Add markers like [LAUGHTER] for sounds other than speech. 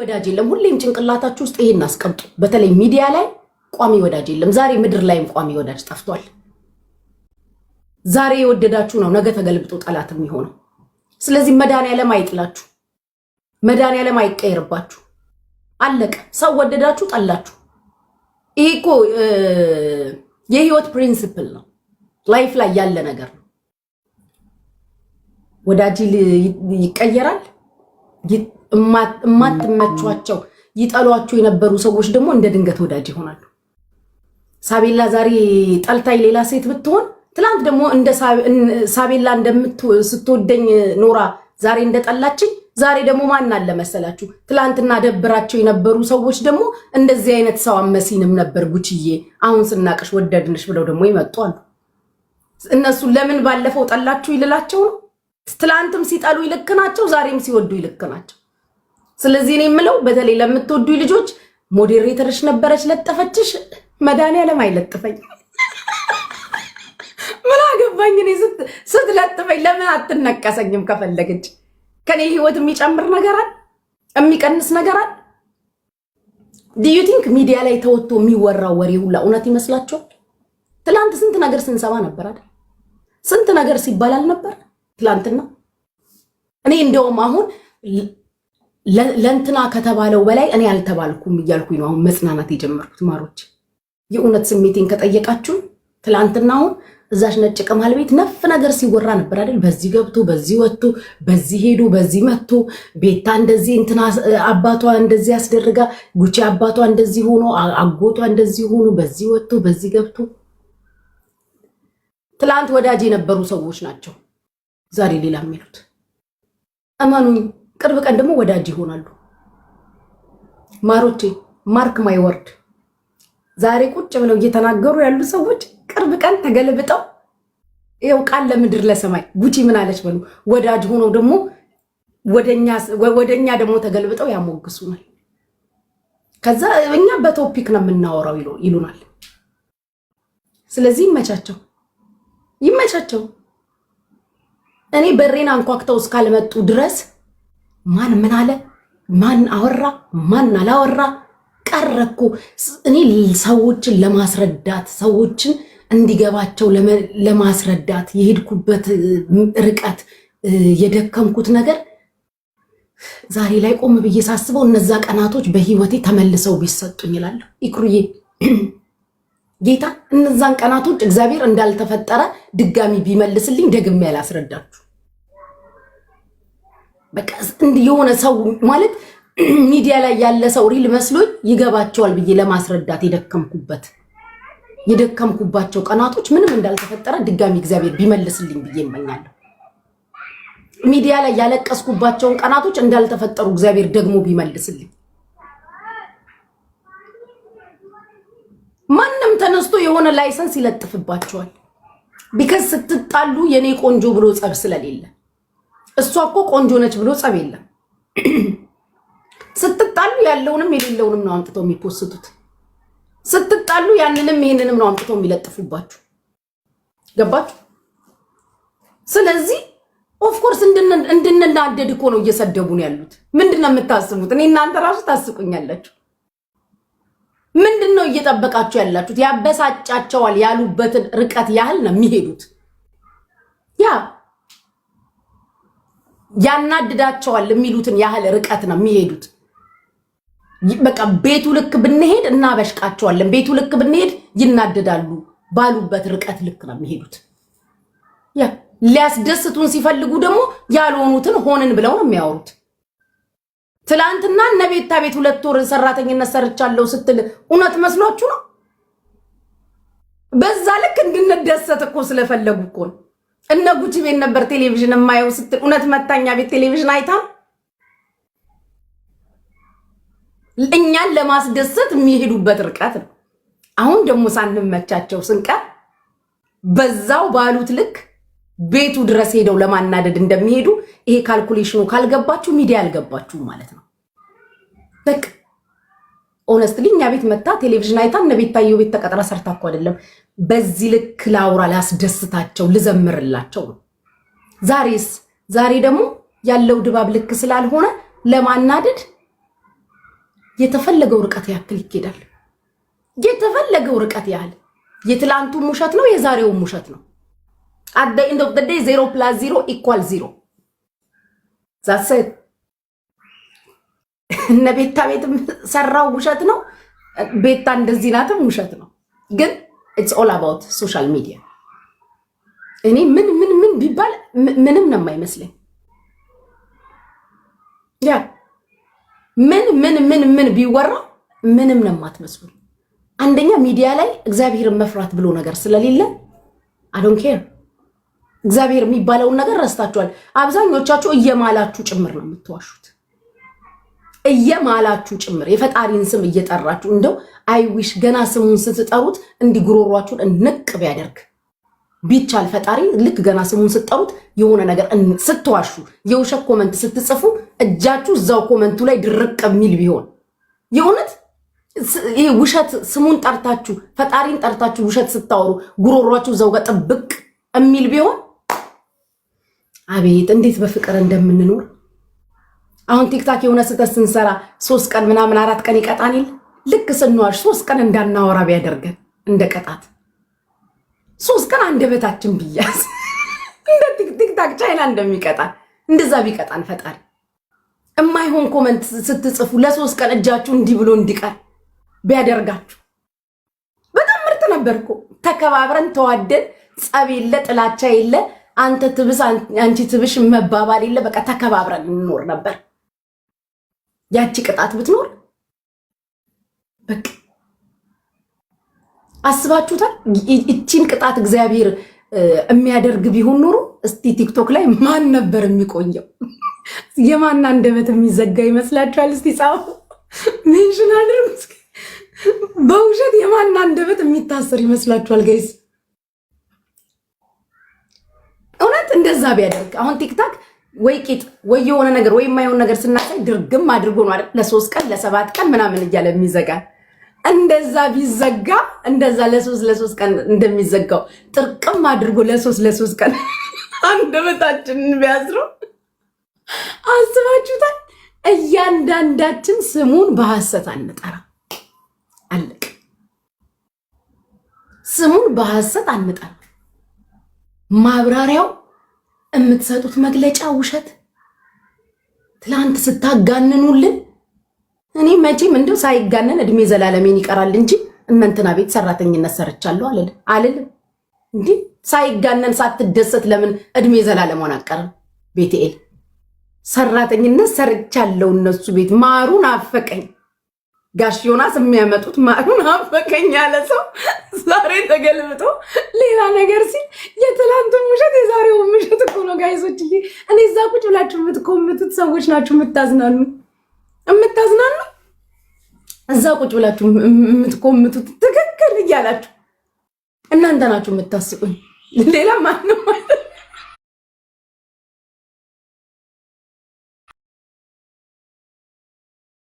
ወዳጅ የለም። ሁሌም ጭንቅላታችሁ ውስጥ ይሄን አስቀምጡ። በተለይ ሚዲያ ላይ ቋሚ ወዳጅ የለም። ዛሬ ምድር ላይም ቋሚ ወዳጅ ጠፍቷል። ዛሬ የወደዳችሁ ነው ነገ ተገልብጦ ጠላት የሚሆነው። ስለዚህ መድኃኒዓለም አይጥላችሁ፣ መድኃኒዓለም አይቀየርባችሁ። አለቀ። ሰው ወደዳችሁ ጠላችሁ። ይሄ እኮ የህይወት ፕሪንስፕል ነው። ላይፍ ላይ ያለ ነገር ነው። ወዳጅ ይቀየራል። እማትመቿቸው ይጠሏቸው የነበሩ ሰዎች ደግሞ እንደ ድንገት ወዳጅ ይሆናሉ። ሳቤላ ዛሬ ጠልታይ ሌላ ሴት ብትሆን ትላንት ደግሞ እንደ ሳቤላ ስትወደኝ ኖራ ዛሬ እንደጠላችኝ፣ ዛሬ ደግሞ ማን አለ መሰላችሁ? ትላንትና ደብራቸው የነበሩ ሰዎች ደግሞ እንደዚህ አይነት ሰው አመሲንም ነበር ጉችዬ፣ አሁን ስናቅሽ ወደድንሽ ብለው ደግሞ ይመጡ አሉ። እነሱ ለምን ባለፈው ጠላችሁ ይልላቸው ነው። ትላንትም ሲጠሉ ይልክ ናቸው፣ ዛሬም ሲወዱ ይልክ ናቸው። ስለዚህ እኔ የምለው በተለይ ለምትወዱ ልጆች ሞዴሬተርሽ ነበረች ለጠፈችሽ። መድኃኒዓለም አይለጥፈኝ፣ ምን አገባኝ እኔ ስትለጥፈኝ። ለምን አትነቀሰኝም? ከፈለገች ከኔ ህይወት የሚጨምር ነገራል የሚቀንስ ነገራል? ዲዩ ቲንክ ሚዲያ ላይ ተወጥቶ የሚወራው ወሬ ሁላ እውነት ይመስላችኋል? ትላንት ስንት ነገር ስንሰማ ነበር አይደል? ስንት ነገር ሲባላል ነበር ትላንትና። እኔ እንደውም አሁን ለእንትና ከተባለው በላይ እኔ አልተባልኩም እያልኩኝ ነው አሁን መጽናናት የጀመርኩት። ማሮች የእውነት ስሜቴን ከጠየቃችሁ ትላንትናውን እዛች ነጭ ቅማል ቤት ነፍ ነገር ሲወራ ነበር አይደል? በዚህ ገብቶ በዚህ ወጥቶ በዚህ ሄዶ በዚህ መጥቶ ቤታ እንደዚህ እንትና አባቷ እንደዚህ አስደርጋ ጉቺ አባቷ እንደዚህ ሆኖ አጎቷ እንደዚህ ሆኖ በዚህ ወጥቶ በዚህ ገብቶ ትላንት ወዳጅ የነበሩ ሰዎች ናቸው ዛሬ ሌላ የሚሉት እመኑኝ። ቅርብ ቀን ደግሞ ወዳጅ ይሆናሉ። ማሮቼ ማርክ ማይ ወርድ፣ ዛሬ ቁጭ ብለው እየተናገሩ ያሉ ሰዎች ቅርብ ቀን ተገለብጠው ይኸው ቃል ለምድር ለሰማይ ጉቺ ምን አለች በሉ ወዳጅ ሆነው ደግሞ ወደኛ ደግሞ ተገልብጠው ያሞግሱናል። ከዛ እኛ በቶፒክ ነው የምናወራው ይሉናል። ስለዚህ ይመቻቸው ይመቻቸው። እኔ በሬን አንኳክተው እስካልመጡ ድረስ ማን ምን አለ፣ ማን አወራ፣ ማን አላወራ ቀረ እኮ። እኔ ሰዎችን ለማስረዳት ሰዎችን እንዲገባቸው ለማስረዳት የሄድኩበት ርቀት የደከምኩት ነገር ዛሬ ላይ ቆም ብዬ ሳስበው እነዛ ቀናቶች በህይወቴ ተመልሰው ቢሰጡኝ ይላለሁ። ይኩሩዬ [CLEARS THROAT] ጌታ እነዛን ቀናቶች እግዚአብሔር እንዳልተፈጠረ ድጋሚ ቢመልስልኝ ደግሜ ያላስረዳችሁ በቃ የሆነ ሰው ማለት [CLEARS THROAT] ሚዲያ ላይ ያለ ሰው ሪል መስሎኝ ይገባቸዋል ብዬ ለማስረዳት የደከምኩበት የደከምኩባቸው ቀናቶች ምንም እንዳልተፈጠረ ድጋሚ እግዚአብሔር ቢመልስልኝ ብዬ እመኛለሁ። ሚዲያ ላይ ያለቀስኩባቸውን ቀናቶች እንዳልተፈጠሩ እግዚአብሔር ደግሞ ቢመልስልኝ። ማንም ተነስቶ የሆነ ላይሰንስ ይለጥፍባቸዋል። ቢከስ ስትጣሉ የኔ ቆንጆ ብሎ ጸብ ስለሌለ እሷ እኮ ቆንጆ ነች ብሎ ጸብ የለም። ስትጣሉ ያለውንም የሌለውንም ነው አምጥተው የሚፖስቱት። ስትጣሉ ያንንም ይህንንም ነው አምጥተው የሚለጥፉባችሁ። ገባችሁ? ስለዚህ ኦፍኮርስ እንድንናደድ እኮ ነው እየሰደቡን ያሉት። ምንድን ነው የምታስቡት? እኔ እናንተ ራሱ ታስቁኛላችሁ። ምንድን ነው እየጠበቃችሁ ያላችሁት? ያበሳጫቸዋል ያሉበትን ርቀት ያህል ነው የሚሄዱት ያ ያናድዳቸዋል የሚሉትን ያህል ርቀት ነው የሚሄዱት። በቃ ቤቱ ልክ ብንሄድ እናበሽቃቸዋለን፣ ቤቱ ልክ ብንሄድ ይናደዳሉ ባሉበት ርቀት ልክ ነው የሚሄዱት። ሊያስደስቱን ሲፈልጉ ደግሞ ያልሆኑትን ሆንን ብለው ነው የሚያወሩት። ትላንትና እነ ቤታ ቤት ሁለት ወር ሰራተኝነት ሰርቻለሁ ስትል እውነት መስሏችሁ ነው። በዛ ልክ እንድንደሰት እኮ ስለፈለጉ እኮ ነው። እነ ጉቺ ቤት ነበር ቴሌቪዥን የማየው ስትል እውነት መታኛ ቤት ቴሌቪዥን አይታ እኛን ለማስደሰት የሚሄዱበት ርቀት ነው። አሁን ደግሞ ሳንመቻቸው ስንቀር በዛው ባሉት ልክ ቤቱ ድረስ ሄደው ለማናደድ እንደሚሄዱ ይሄ ካልኩሌሽኑ ካልገባችሁ ሚዲያ አልገባችሁም ማለት ነው በቃ። ኦነስትሊ እኛ ቤት መታ ቴሌቪዥን አይታ እነ ታየው ቤት ተቀጥራ ሰርታ እኮ አይደለም። በዚህ ልክ ላውራ፣ ላስደስታቸው፣ ልዘምርላቸው ነው። ዛሬስ ዛሬ ደግሞ ያለው ድባብ ልክ ስላልሆነ ለማናደድ የተፈለገው ርቀት ያክል ይኬዳል። የተፈለገው ርቀት ያህል የትላንቱም ውሸት ነው፣ የዛሬውም ውሸት ነው። አደ ኢንድ ኦፍ ዘ ዴይ ዜሮ ፕላስ ዜሮ ኢኳል ዜሮ ዛሰት እነ ቤታ ቤትም ሰራው ውሸት ነው። ቤታ እንደዚህ ናትም ውሸት ነው። ግን ኢትስ ኦል አባውት ሶሻል ሚዲያ። እኔ ምን ምን ምን ቢባል ምንም ነው የማይመስለኝ። ያ ምን ምን ምን ምን ቢወራ ምንም ነው የማትመስሉ። አንደኛ ሚዲያ ላይ እግዚአብሔርን መፍራት ብሎ ነገር ስለሌለ አዶን ኬር እግዚአብሔር የሚባለውን ነገር ረስታችኋል። አብዛኞቻችሁ እየማላችሁ ጭምር ነው የምትዋሹት። እየማላችሁ ጭምር የፈጣሪን ስም እየጠራችሁ እንደው አይዊሽ ገና ስሙን ስትጠሩት እንዲህ ጉሮሯችሁን እንቅ ቢያደርግ ቢቻል ፈጣሪ ልክ ገና ስሙን ስትጠሩት የሆነ ነገር ስትዋሹ፣ የውሸት ኮመንት ስትጽፉ እጃችሁ እዛው ኮመንቱ ላይ ድርቅ የሚል ቢሆን የእውነት ይህ ውሸት ስሙን ጠርታችሁ ፈጣሪን ጠርታችሁ ውሸት ስታወሩ ጉሮሯችሁ እዛው ጋር ጥብቅ የሚል ቢሆን አቤት እንዴት በፍቅር እንደምንኖር አሁን ቲክታክ የሆነ ስህተት ስንሰራ ሶስት ቀን ምናምን አራት ቀን ይቀጣን ልክ ስንዋሽ ሶስት ቀን እንዳናወራ ቢያደርገን እንደ ቀጣት ሶስት ቀን አንደበታችን ብያዝ [LAUGHS] እንደ ቲክታክ ቻይና እንደሚቀጣን እንደዛ ቢቀጣን ፈጣሪ የማይሆን ኮመንት ስትጽፉ ለሶስት ቀን እጃችሁ እንዲህ ብሎ እንዲቀር ቢያደርጋችሁ በጣም ምርጥ ነበር እኮ። ተከባብረን ተዋደን ጸብ የለ ጥላቻ የለ አንተ ትብስ አንቺ ትብሽ መባባል የለ በቃ ተከባብረን እንኖር ነበር። ያቺ ቅጣት ብትኖር በቃ አስባችሁታል። እቺን ቅጣት እግዚአብሔር የሚያደርግ ቢሆን ኖሮ እስቲ ቲክቶክ ላይ ማን ነበር የሚቆየው? የማን አንደበት የሚዘጋ ይመስላችኋል? እስቲ ጻፉ፣ ሜንሽን በውሸት የማን አንደበት የሚታሰር ይመስላችኋል ጋይስ? እውነት እንደዛ ቢያደርግ አሁን ቲክታክ ወይ ቂጥ ወይ የሆነ ነገር ወይ የማይሆን ነገር ስናሳይ ድርግም አድርጎ ነው አይደል? ለሶስት ቀን ለሰባት ቀን ምናምን እያለ የሚዘጋ እንደዛ ቢዘጋ እንደዛ ለሶስት ለሶስት ቀን እንደሚዘጋው ጥርቅም አድርጎ ለሶስት ለሶስት ቀን [LAUGHS] አንደበታችንን ቢያስረው አስባችሁታል? እያንዳንዳችን ስሙን በሐሰት አንጠራ አለቅ ስሙን በሐሰት አንጠራ ማብራሪያው የምትሰጡት መግለጫ ውሸት ትላንት ስታጋንኑልን እኔ መቼም እንደው ሳይጋነን እድሜ ዘላለሜን ይቀራል እንጂ እመንትና ቤት ሰራተኝነት ሰርቻለሁ አልልም አልልም። እንዲህ ሳይጋነን ሳትደሰት ለምን እድሜ ዘላለሟን አቀርም? ቤትኤል ሰራተኝነት ሰርቻለሁ እነሱ ቤት ማሩን አፈቀኝ። ጋሽ ዮናስ የሚያመጡት ማሩን አፈቀኝ ያለ ሰው ዛሬ ተገልብጦ ሌላ ነገር ሲል የትላንቱን ውሸት የዛሬውን ውሸት እኮ ነው ጋይሶች። እኔ እዛ ቁጭ ብላችሁ የምትኮምቱት ሰዎች ናችሁ። የምታዝናኑ የምታዝናኑ እዛ ቁጭ ብላችሁ የምትኮምቱት ትክክል እያላችሁ እናንተ ናችሁ የምታስቁኝ፣ ሌላ ማንም ማለት